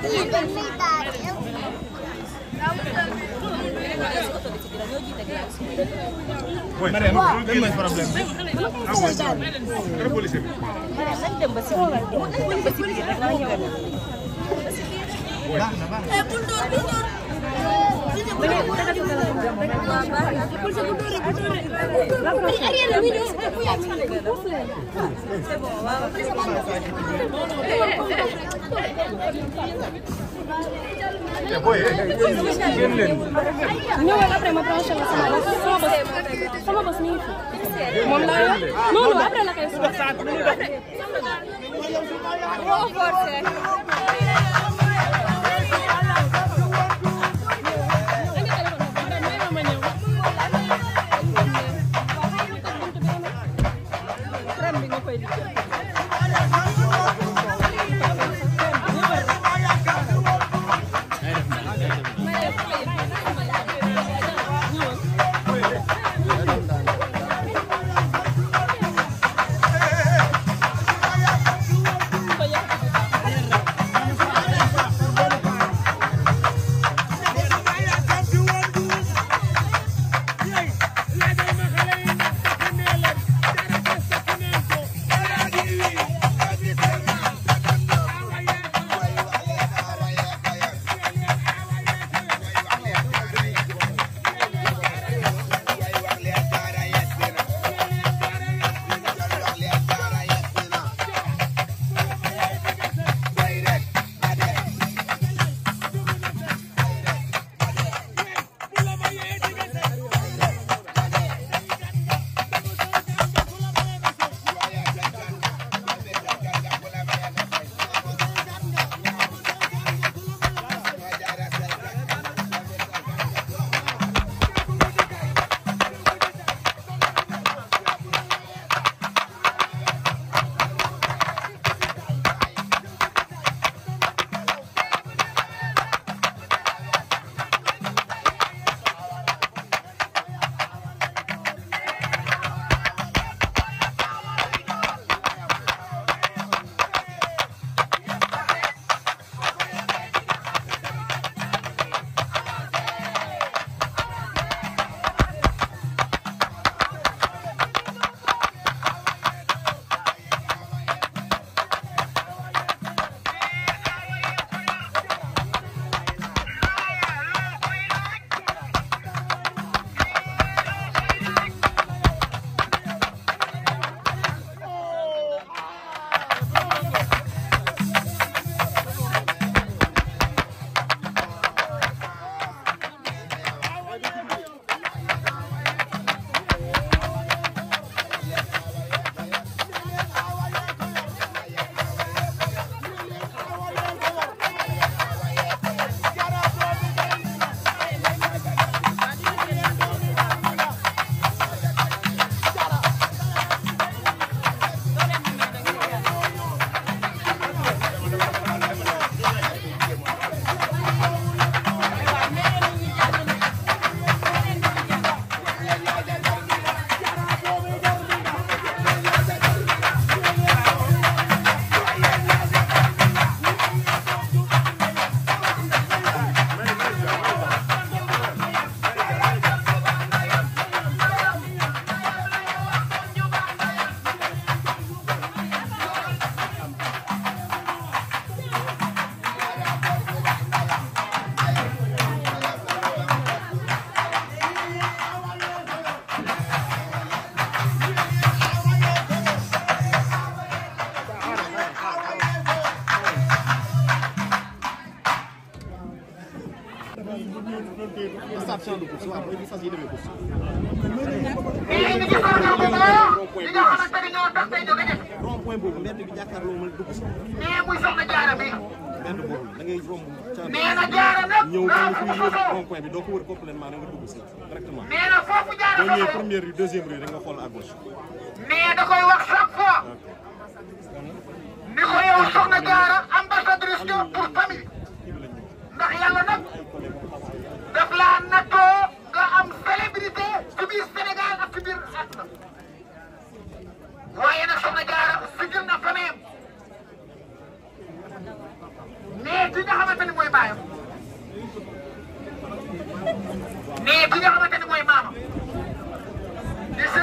mooy Mariam lan mooy problème bi. ah oui dara policier bi. baax na baax na. ñëwal après ma branché la sama bës sama bës mi ngi fi moom laa non non après la kay lii ñu ngi góorgóorlu bu baax li nga xamante ni ñoo tax day jóge def. lii muy soxna jaara bi. nee na jaara nag daa ko sosoo. nee na foofu jaara nga ko. nee da koy wax chaque fois. ni ko yow soxna jaara ambassadrice pour famille. ndax yàlla nag daf laa nattoo.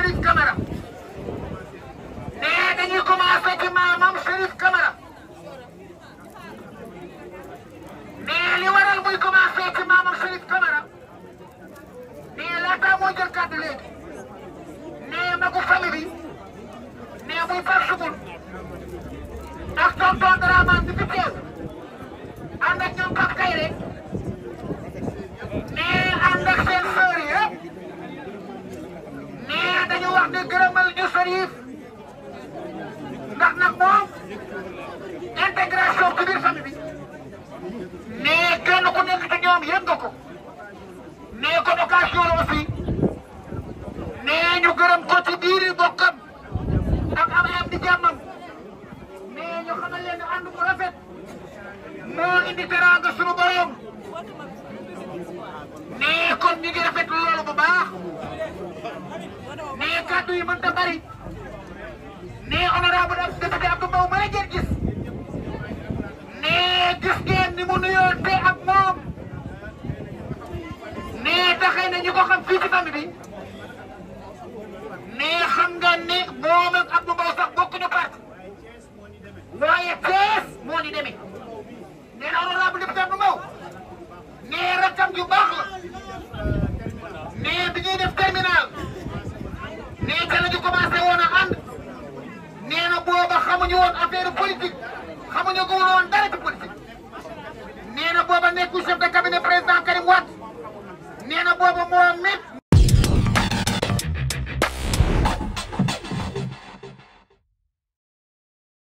Chérif Camara nee dañuy commencé ci maamam Chérif Camara nee li waral muy commencé ci maamam Chérif Camara nee laata moo jël kàddu léegi nee magu famille bi nee muy Pape Soumoun ak tonton Dramane di Cherif ndax nag moom intégration ci biir famille bi mais kenn ku nekk ci ñoom yëg nga ko mais kon occasion la aussi mais ñu gërëm ko ci biir bokkam président bu def député Abdou Mbow ma ngeen gis nee gis ngeen ñu ko xam fii ci famille bi nee xam nga ni moom ak Abdou Mbow sax bokkuñu parti waaye Thiès moo ni demee xamuñu woon a politique xamuñu ko woon dara ci politique nee na booba nekku chef de cabinet président Karim Wade nee na booba moo